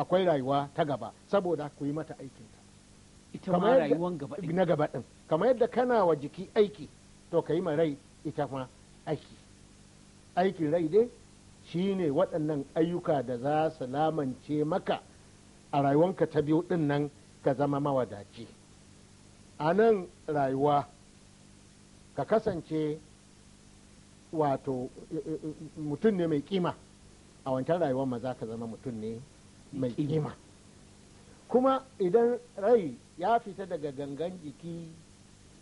akwai rayuwa ta gaba saboda ku yi mata aikin ta ita ma rayuwan gaba din na gaba din kamar yadda kana wa jiki aiki to ka yi ma rai ita ma aiki aikin rai dai shine waɗannan ayyuka da za su lamance maka a rayuwanka ta biyu din nan ka zama mawadaci a nan rayuwa ka kasance wato eh, eh, eh, mutum ne mai kima a wancan rayuwar ma za ka zama mutum ne mai ilima kuma idan rai ya fita daga gangan jiki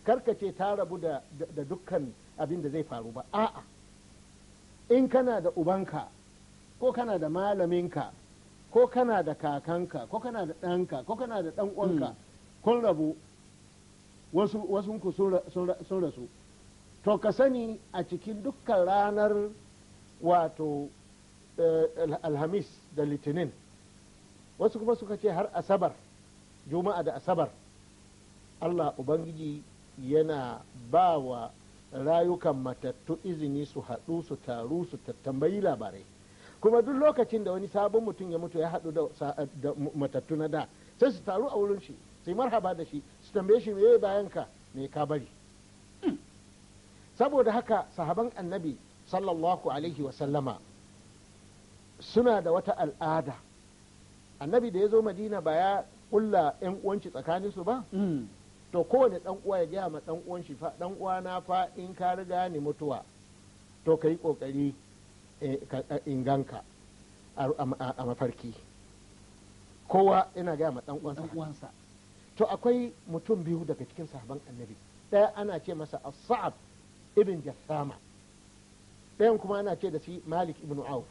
karkace ta rabu da dukkan abin da zai faru ba a'a in kana da ubanka ko kana da malaminka ko kana da kakanka ko kana da ɗanka ko kana da ɗan'uwanka hmm. kun rabu wasu ku sun rasu to ka sani a cikin dukkan ranar wato eh, alhamis da litinin wasu kuma suka ce har asabar juma'a da asabar allah ubangiji yana ba wa rayukan matattu izini su haɗu su taru su tambayi labarai kuma duk lokacin da wani sabon mutum ya mutu ya haɗu da matattu na da sai su taru a wurin shi sai marhaba da shi su tambaye shi meye bayan ka mai ka bari saboda haka sahaban annabi sallallahu alaihi wasallama suna da wata al'ada annabi da ya zo madina ba ya kulla yan uwanci tsakanin su ba mm. to kowane dan uwa ya gaya ma dan uwan fa dan uwa na fa in ka riga ni mutuwa to kai kokari eh, in ganka a mafarki kowa yana gaya ma dan uwansa to akwai mutum biyu daga cikin sahaban annabi ɗaya ana ce masa as-sa'ab ibn jassama ɗayan kuma ana ce da shi malik ibn auf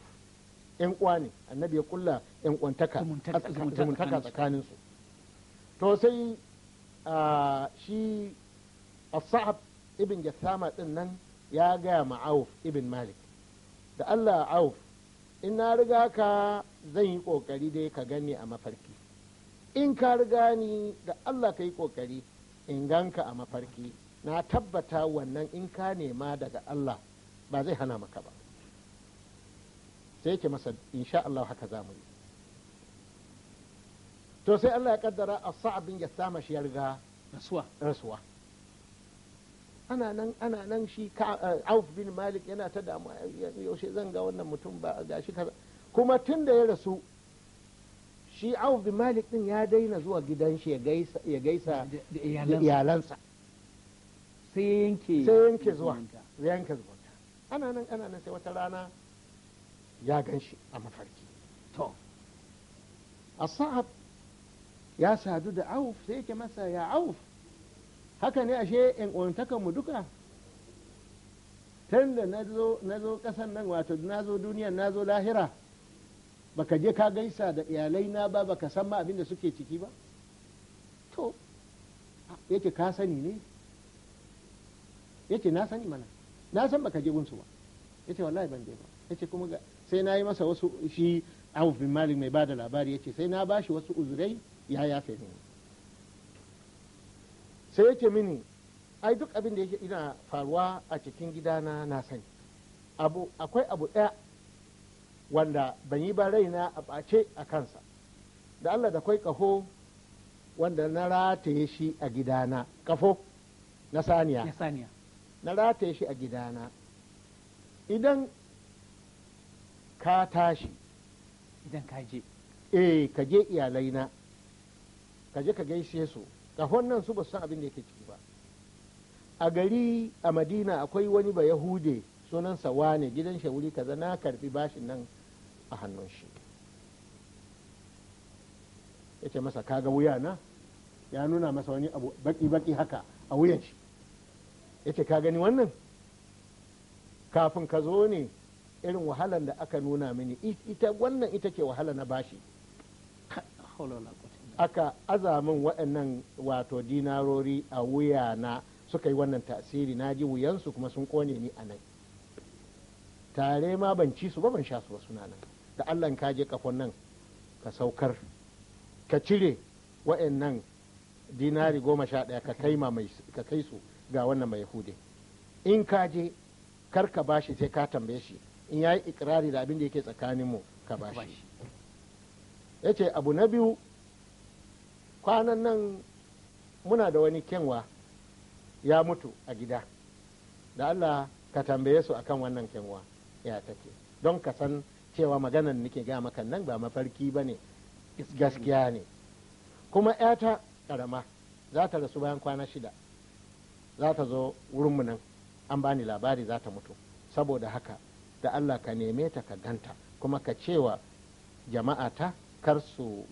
yan uwa ne annabi ya kulla yan uwantaka zumuntaka tsakanin su to sai shi as-sa'ab ibn jassama din nan ya gaya ma auf ibn malik da Allah auf in na riga ka zan yi kokari dai ka gani a mafarki in ka riga ni da Allah ka yi kokari in ganka a mafarki na tabbata wannan in ka nema daga Allah ba zai hana maka ba sai yake masa insha Allah haka za mu yi to sai Allah ya kaddara as-sa'ab ya sama shi yarga rasuwa rasuwa ana nan ana nan shi eh, Auf bin Malik yana ta damuwa yaushe zan ga wannan mutum ba ga shi kaza kuma tun da ya rasu shi Auf bin Malik din ya daina zuwa gidan shi ya gaisa da iyalansa sai yanke sai zuwa yanke zuwa ana nan ana nan sai wata rana ya gan shi a mafarki to a asa'ab ya sadu da auf sai yake masa ya auf haka ne ashe in uwantakan mu duka tun da na zo kasan nan wato na zo duniya na zo lahira baka je ka gaisa da iyalai na ba baka san ma abin da suke ciki ba to yake ka sani ne yake na sani mana na san baka je gunsu ba yace wallahi ban je ba yace kuma ga sai na yi masa wasu shi abu bin Malik mai bada labari ya ce sai na bashi wasu uzurai ya yafe mini sai yace mini ai duk abin da yake ina faruwa a cikin gidana na sani abu akwai abu ɗaya wanda ban yi ba raina a ɓace a kansa da Allah da kwai ƙaho wanda na rataye shi a gidana ƙafo na saniya na rataye shi a gidana idan ka tashi idan ka je eh ka je iyalai na ka je ka gaishe su kahon nan su ba san abin da yake ciki ba a gari a madina akwai wani ba yahude sunan Sawa ne gidan shawuri kaza na karfi bashin nan a hannun shi ya ce masa kaga wuya na ya nuna masa wani abu baki-baki haka a wuyan shi ya ce ka gani wannan kafin ka zo ne irin wahalar da aka nuna mini ita wannan ita ke wahala na bashi aka azamin waɗannan wato dinarori a wuya na suka yi wannan tasiri na ji wuyansu kuma sun kone ni a nan tare ma ban ci su ba ban sha su ba suna nan da allah ka je kafon nan ka saukar ka cire waɗannan dinari goma sha ɗaya ka kai su ga wannan mai hude in ka je kar ka bashi sai ka tambaye shi in ya yi ikrari da abin da yake tsakanin mu ka bashi ce abu na biyu kwanan nan muna da wani kenwa ya mutu a gida da Allah ka tambaye su akan wannan kenwa ya take don ka san cewa maganan nake ga maka nan ba mafarki ba ne gaskiya ne kuma 'yata karama za ta rasu bayan kwana shida za ta zo wurinmu nan an bani labari za ta mutu saboda haka da Allah ka neme ta ka ganta kuma ka cewa jama'a ta kar su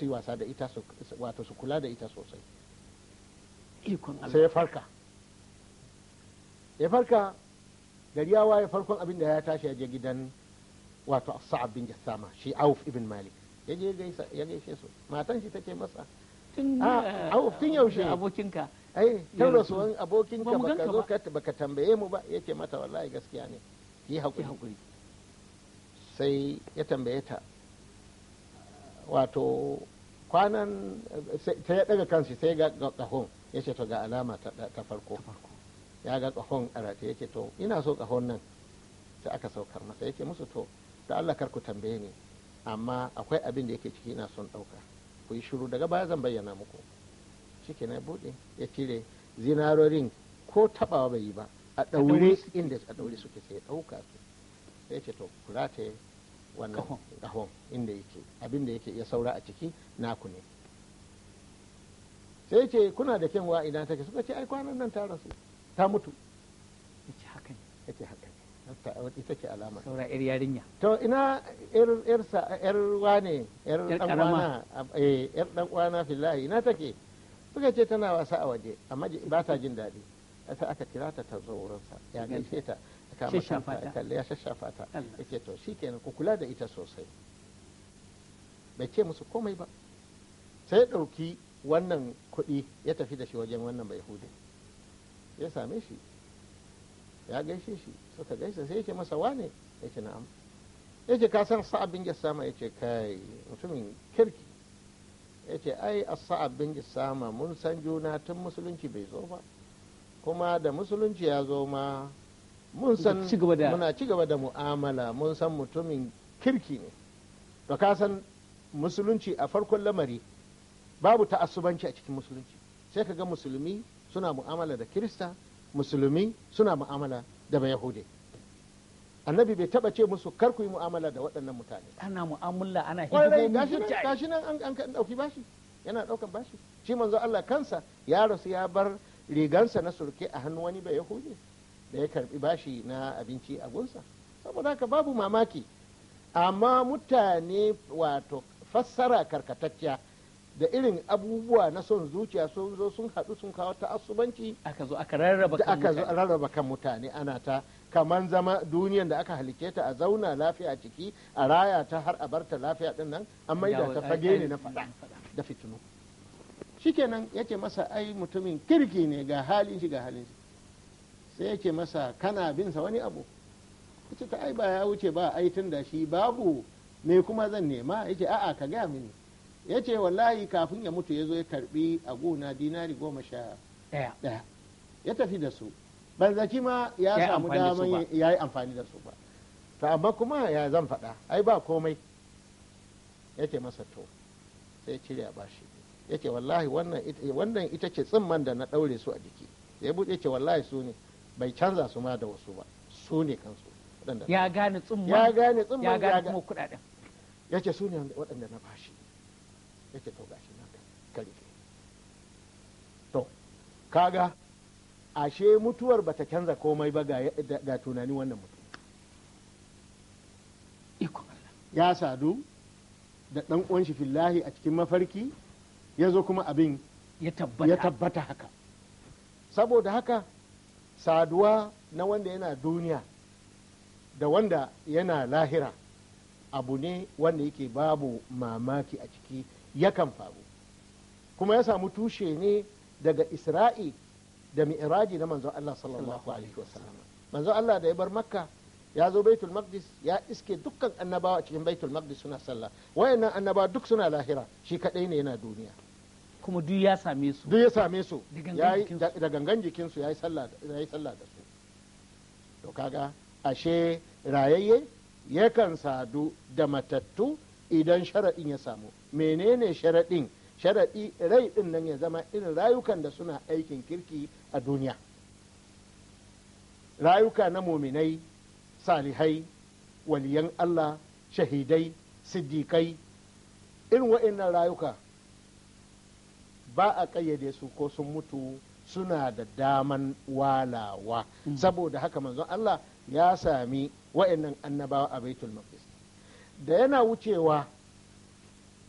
yi wasa da ita wato su kula da ita sosai sai ya farka ya farka gari ya waye farkon abin da ya tashi ya je gidan wato sa'ab bin jassama shi auf ibn malik ya je ya gaishe su matan shi take masa ah, auf tun eh, yaushe abokinka ai eh, tun rasuwan abokinka baka zo baka tambaye mu ba yake mata wallahi gaskiya ne yi haƙuri sai ya tambaye ta wato kwanan ta ya ɗaga kansu sai ga kahon ya ce to ga alama ta farko ya ga kahon a ya ce to ina so kahon nan sai aka saukar masa ya ce musu to da Allah kar ku tambaye ni amma akwai abin da yake ciki ina son ɗauka ku yi shuru daga baya zan bayyana muku shi ke na buɗe ya cire zinarorin ko taɓawa bai yi ba a ɗaure inda a ɗaure suke sai ɗauka su sai ce to kula ta wannan kahon inda yake abin da yake ya saura a ciki naku ne sai ce kuna da kyanwa ina take suka ce ai kwanan nan ta rasu ta mutu ce haka ne ce haka ne ita ce alama saura yar yarinya to ina yar yar sa yar wane yar dan wana eh yar dan wana fillahi ina take suka ce tana wasa a waje amma ba ta jin daɗi sai aka kira ta ta zo wurinsa ya gaishe ta kama shafa ta ya shashafa ta yake to shikenan ku kula da ita sosai bai ce musu komai ba sai ɗauki wannan kuɗi ya tafi da shi wajen wannan bai hudu ya same shi ya gaishe shi suka gaishe sai yake masa wane ya ce na'am ya ce ka san sa'ab bin sama ya ce kai mutumin kirki ya ce ai a sa'ab bin sama mun san juna tun musulunci bai zo ba kuma da musulunci ya zo ma mun san muna ci gaba da mu'amala mun san mutumin kirki ne to ka san musulunci a farkon lamari babu ta'assubanci a cikin musulunci sai ka ga musulmi suna mu'amala da kirista musulmi suna mu'amala da bayahude annabi bai taba ce musu kar ku yi mu'amala da waɗannan mutane ana mu'amala ana hidimomi gashi nan an ɗauki bashi yana ɗaukan bashi shi manzo Allah kansa ya rasu ya bar rigansa na surke a hannu wani bai hoje da ya karbi bashi na abinci a gunsa saboda haka babu mamaki amma mutane wato fassara karkatacciya da irin abubuwa na son zuciya sun zo sun haɗu sun kawo ta'assubanci aka zo aka rarraba kan mutane ana ta kamar zama duniyan da aka halice ta a zauna lafiya ciki a raya ta har a barta lafiya din nan an maida ta fage ne na faɗa da fitinu shikenan nan yace masa ai mutumin kirki ne ga halin shi ga halin shi sai yake masa kana binsa wani abu ce ta ai ba ya wuce ba ai tun da shi babu me kuma zan nema ya ce a'a ka ga mini yace wallahi kafin ya mutu yazo zo ya karbi a gona dinari goma sha daya ya tafi da su ban zaci ma ya samu daman ya yi amfani da su ba to amma kuma ya zan faɗa ai ba komai yace masa to sai cire a bashi ya ce wallahi wannan ita ce tsimman da na ɗaure su a jiki ya buɗe ce wallahi su ne bai canza su ma da wasu ba su ne kansu ya gane tsimman ya gane tsimman ya gane kuma kuɗaɗen ya ce su ne waɗanda na bashi ya ce to gashi na karfe to kaga ashe mutuwar bata canza komai ba ga tunani wannan mutum ya sadu da ɗan uwan shi fillahi a cikin mafarki ya zo kuma abin ya tabbata haka saboda haka saduwa na wanda yana duniya da wanda yana lahira abu ne wanda yake babu mamaki a ciki yakan faru kuma ya samu tushe ne daga isra'i da mi'raji na manzo Allah sallallahu alaihi wasallam manzo Allah da ya bar makka ya zo baitul maqdis ya iske dukkan annabawa cikin baitul maqdis suna sallah wayannan annabawa duk suna lahira shi kadai ne yana duniya kuma duk ya same su duk ya same su da gangan jikin su ya sallah sallah da su to kaga ashe rayayye yakan sadu da matattu idan sharaɗin ya samu menene sharaɗin sharaɗi rai ɗin nan ya zama irin rayukan da suna aikin kirki a duniya rayuka na muminai salihai waliyan allah shahidai siddiƙai irin wa'annan rayuka ba a kayyade su ko sun mutu suna da daman walawa mm. saboda haka manzon Allah ya sami wa'annan annabawa a baitul maqdis da yana wucewa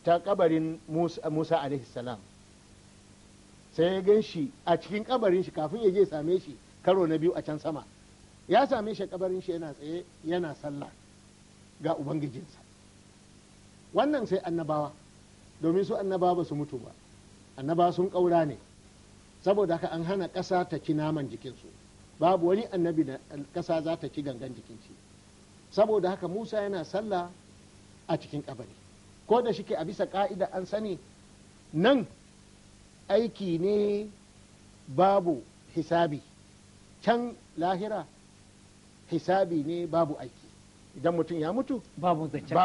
ta kabarin Musa alaihi salam sai ya gan a cikin kabarin shi kafin ya je same shi karo na biyu a can sama ya same shi kabarin shi yana tsaye yana sallah ga ubangijinsa wannan sai annabawa domin su annabawa ba su mutu ba annaba sun ƙaura ne saboda haka an hana ƙasa ta ci naman jikinsu babu wani annabi da ƙasa za ta ci gangan jikinci saboda haka musa yana sallah a cikin ƙabari ko da shike a bisa ƙa'ida an sani nan aiki ne babu hisabi can lahira hisabi ne babu aiki idan mutum ya mutu babu zancen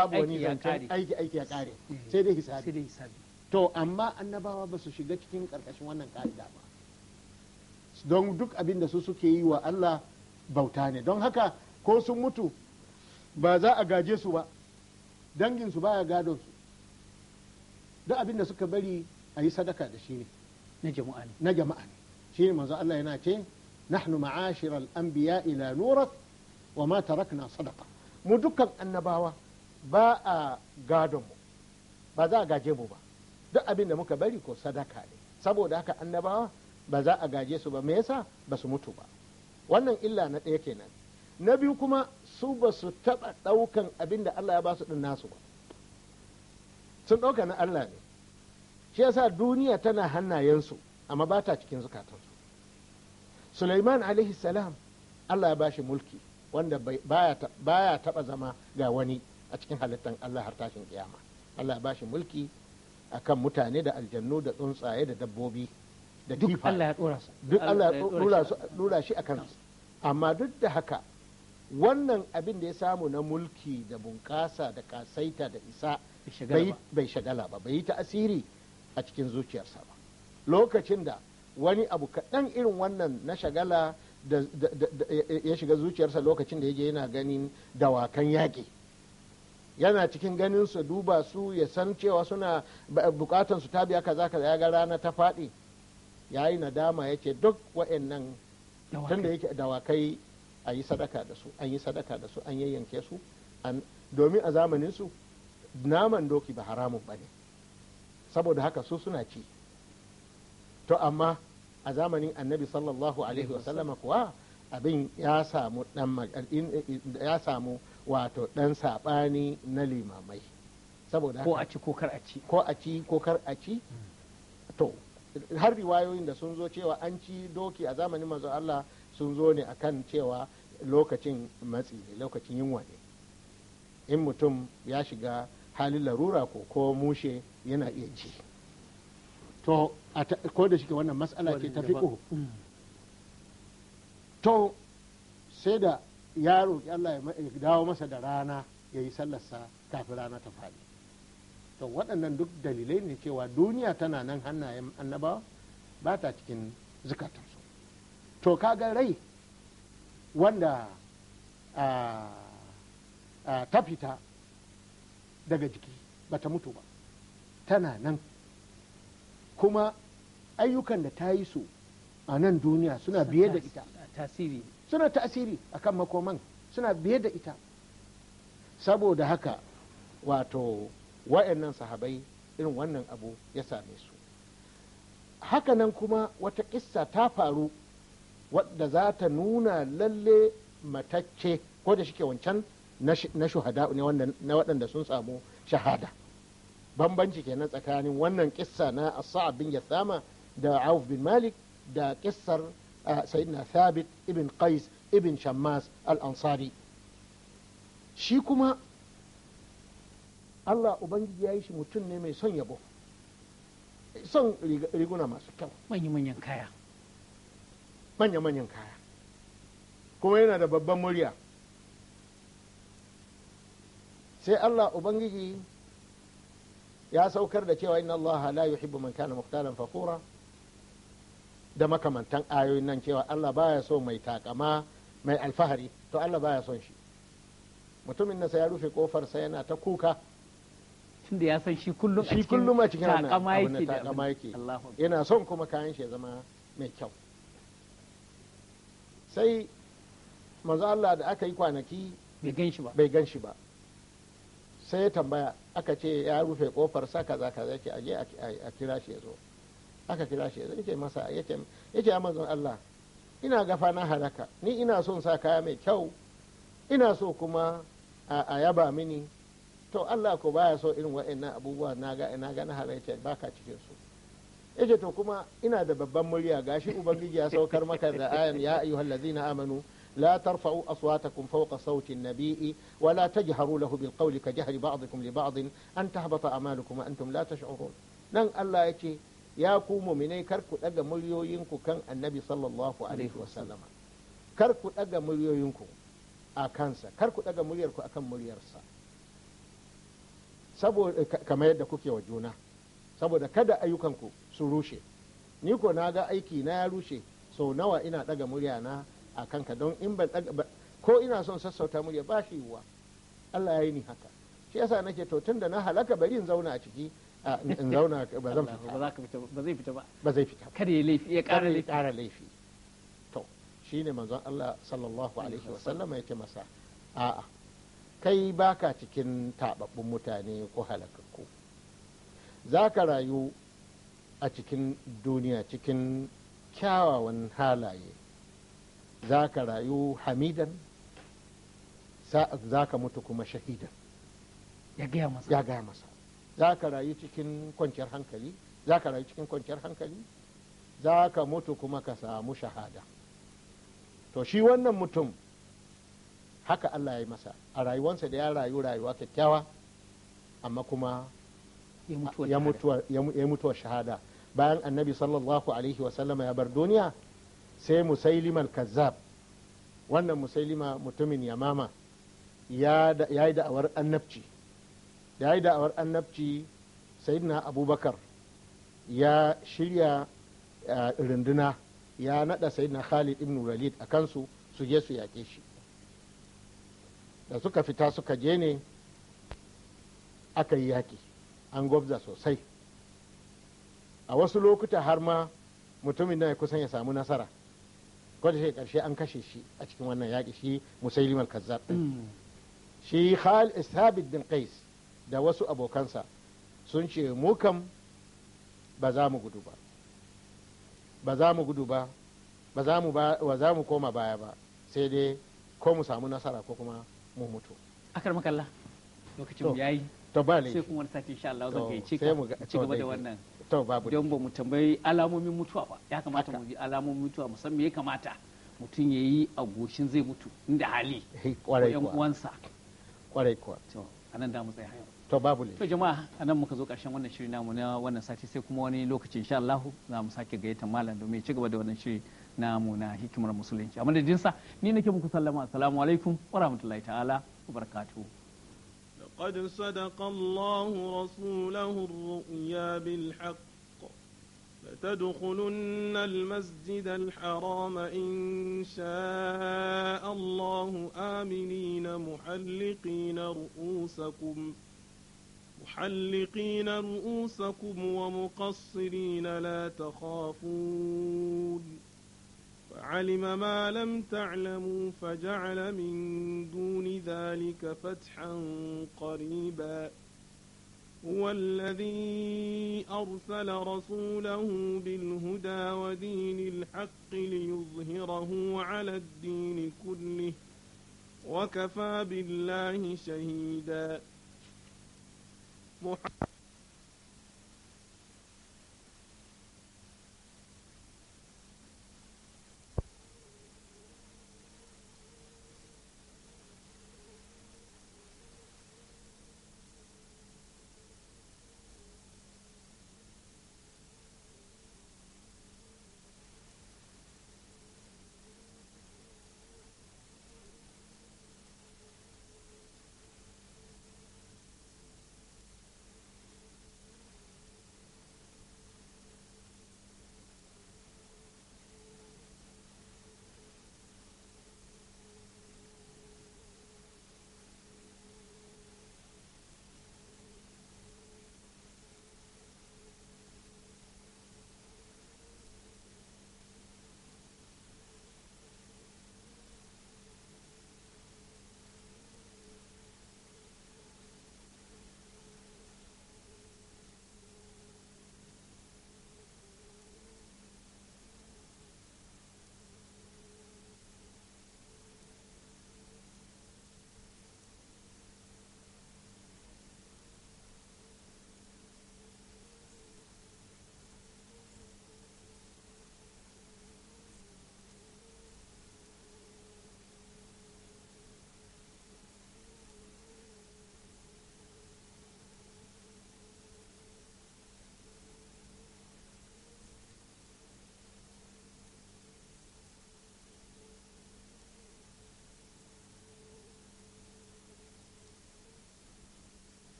aiki ya kare mm. sai dai hisabi to amma annabawa ba su shiga cikin ƙarƙashin wannan ƙa'ida ba don duk abin da su suke yi wa Allah bauta ne don haka ko sun mutu ba za a gaje su ba danginsu baya gadon su duk abin da suka bari a yi sadaka da shi ne na jama'a ne shi ne manzo Allah yana ce nahnu ma'ashir al-anbiya ila nurat wa ma tarakna sadaqa mu dukkan annabawa ba a gadon mu ba za a gaje mu ba duk abin da muka bari ko sadaka ne saboda haka annabawa ba za a gaje su ba me yasa ba su mutu ba wannan illa na ɗaya kenan na biyu kuma su ba su taɓa ɗaukan abin da Allah ya ba su ɗin nasu ba sun ɗauka na Allah ne shi yasa duniya tana hannayensu amma ba ta cikin zukatansu Sulaiman alaihi salam Allah ya bashi mulki wanda baya taɓa zama ga wani a cikin halittan Allah har tashin kiyama Allah ya bashi mulki akan mutane da aljannu da tsuntsaye da dabbobi da duk Allah ya dora su duk Allah ya dora su shi akan amma duk da haka wannan abin da ya samu na mulki da bunƙasa da kasaita da isa bai shagala ba bai yi ta asiri a cikin zuciyarsa ba lokacin da wani abu kaɗan irin wannan na shagala da ya shiga zuciyarsa lokacin da ya je yana ganin dawakan yaƙi yana cikin ganin su duba su ya san cewa suna bukatan su tabiya kaza kaza ya ga rana ta faɗi yayi nadama ce duk wa'annan tunda yake dawakai a yi sadaka da su an yi sadaka da su an yayyanke su domin a zamanin su naman doki ba haramun ba ne saboda haka su suna ci to amma a zamanin annabi sallallahu alaihi wasallama kuwa abin ya samu wato ɗan saɓani na limamai saboda ko a ci ko kar a ci ko a ci ko kar a ci to har riwayoyin da sun zo cewa an ci doki a zamanin manzo Allah sun zo ne akan cewa lokacin matsi lokacin yunwa ne in mutum ya shiga halin larura ko ko mushe yana iya ci to ko da shike wannan matsala ce ta fiƙo to sai da ya roƙi Allah ya dawo masa da rana ya yi sallarsa kafin rana ta faɗi to waɗannan duk dalilai ne cewa duniya tana nan hannayen annabawa ba ta cikin zukatansu to kaga rai wanda ta fita daga jiki ba ta mutu ba tana nan kuma ayyukan da ta yi su a nan duniya suna biye da ita tasiri suna tasiri a kan makoman suna biye da ita saboda haka wato wa'annan sahabai irin wannan abu ya same su hakanan kuma wata kissa ta faru wadda za ta nuna lalle matacce ko da shike wancan na shuhada ne na waɗanda sun samu shahada bambanci kenan tsakanin wannan kissa na as bin yasama da auf bin malik da kissar sayyidina thabit ibn qais ibn shammas al-ansari shi kuma Allah Ubangiji ya yi shi mutum ne mai son yabo son riguna masu kyau manya-manyan kaya manya-manyan kaya kuma yana da babban murya sai Allah Ubangiji ya saukar da cewa inna Allah la yuhibbu man kana muhtalan fakura da makamantan ayoyin nan cewa Allah baya so mai takama mai alfahari to Allah baya son shi mutumin nasa ya rufe kofarsa yana ta kuka tunda ya san shi kullum shi kullum a cikin takama yake yana son kuma kayan shi ya zama mai kyau sai manzo Allah da aka yi kwanaki bai gan shi ba sai ya tambaya aka ce ya rufe kofar sa kaza kaza yake aje a kira shi ya zo aka kira shi ya ce masa ya ce amazon Allah ina gafa na halaka ni ina son sa kaya mai kyau ina so kuma a yaba mini to Allah ko baya so irin wa'annan abubuwa na ga na ga na ba baka cikin su yace to kuma ina da babban murya gashi ubangiji ya saukar maka da ayan ya ayyuhal ladina amanu la tarfa'u aswatakum fawqa sawti an-nabi'i wa la tajharu lahu bil qawli ka jahri ba'dikum li ba'd an tahbata a'malukum wa antum la tash'urun nan Allah yake ya ku muminai kar ku ɗaga muryoyinku kan annabi sallallahu alaihi wasallama kar ku ɗaga muryoyinku a kansa kar ku ɗaga muryarku a kan muryarsa saboda kamar yadda kuke wa juna saboda kada ayyukanku su rushe ni ko na ga aiki na ya rushe sau nawa ina ɗaga murya na a kanka don in ban ko ina son sassauta murya ba shi wa. Allah ya yi ni haka shi yasa nake to tun da na halaka bari in zauna a ciki in zauna ba zan fita ba zai fita ba ba zai fita kada ya laifi ya kara laifi kara laifi to shine manzon Allah sallallahu alaihi wa sallam yake masa a'a kai baka cikin tababbun mutane ko halakakku zaka rayu a cikin duniya cikin kyawawan halaye za ka rayu hamidan za ka mutu kuma shahidan ya gaya masa za ka rayu cikin kwanciyar hankali za ka rayu cikin kwanciyar hankali za ka mutu kuma ka samu shahada to shi wannan mutum haka allah ya yi masa a rayuwansa da ya rayu rayuwa kyakkyawa amma kuma ya mutuwa shahada bayan annabi sallallahu alaihi wasallama ya bar duniya sai musailiman kazzab wannan musailima mutumin yamama ya yi da'awar annabci ya yi da'awar annabci sayidina abubakar ya shirya rinduna ya nada sayidina khalid ibn walid a kansu su je su yaƙe shi da suka fita suka je ne aka yi yaƙi an gwabza sosai a wasu lokuta har ma mutumin na ya kusan ya samu nasara kwata shi karshe an kashe shi a cikin wannan yaƙi shi musailim kazzab mm. shi khalid sabit bin qais da wasu abokansa sun ce mu kam ba za mu gudu ba ba za mu gudu ba ba za mu koma baya ba sai dai ko mu samu nasara ko kuma mu mutu akar makalla lokacin mu yayi to ba sai kuma wani sati insha Allah zan gaice ka ci gaba da wannan to babu don ba mu tambayi alamomin mutuwa ba ya kamata mu bi alamomin mutuwa musamman ya kamata mutum ya yi a goshin zai mutu inda hali kwarai kuwa kwarai kuwa anan da mu tsaya to babu ne to jama'a nan muka zo karshen wannan shiri namu na wannan sati sai kuma wani lokaci insha Allah za mu sake gayyata malam domin ya ci gaba da wannan shiri namu na hikimar musulunci a madadin sa ni nake muku sallama assalamu alaikum wa rahmatullahi ta'ala wa barakatuhu Sadakallahu صدق الله رسوله الرؤيا لتدخلن المسجد الحرام إن شاء الله آمنين محلقين رؤوسكم محلقين رؤوسكم ومقصرين لا تخافون فعلم ما لم تعلموا فجعل من دون ذلك فتحا قريبا هو الذي أرسل رسوله بالهدى ودين الحق ليظهره على الدين كله وكفى بالله شهيدا محمد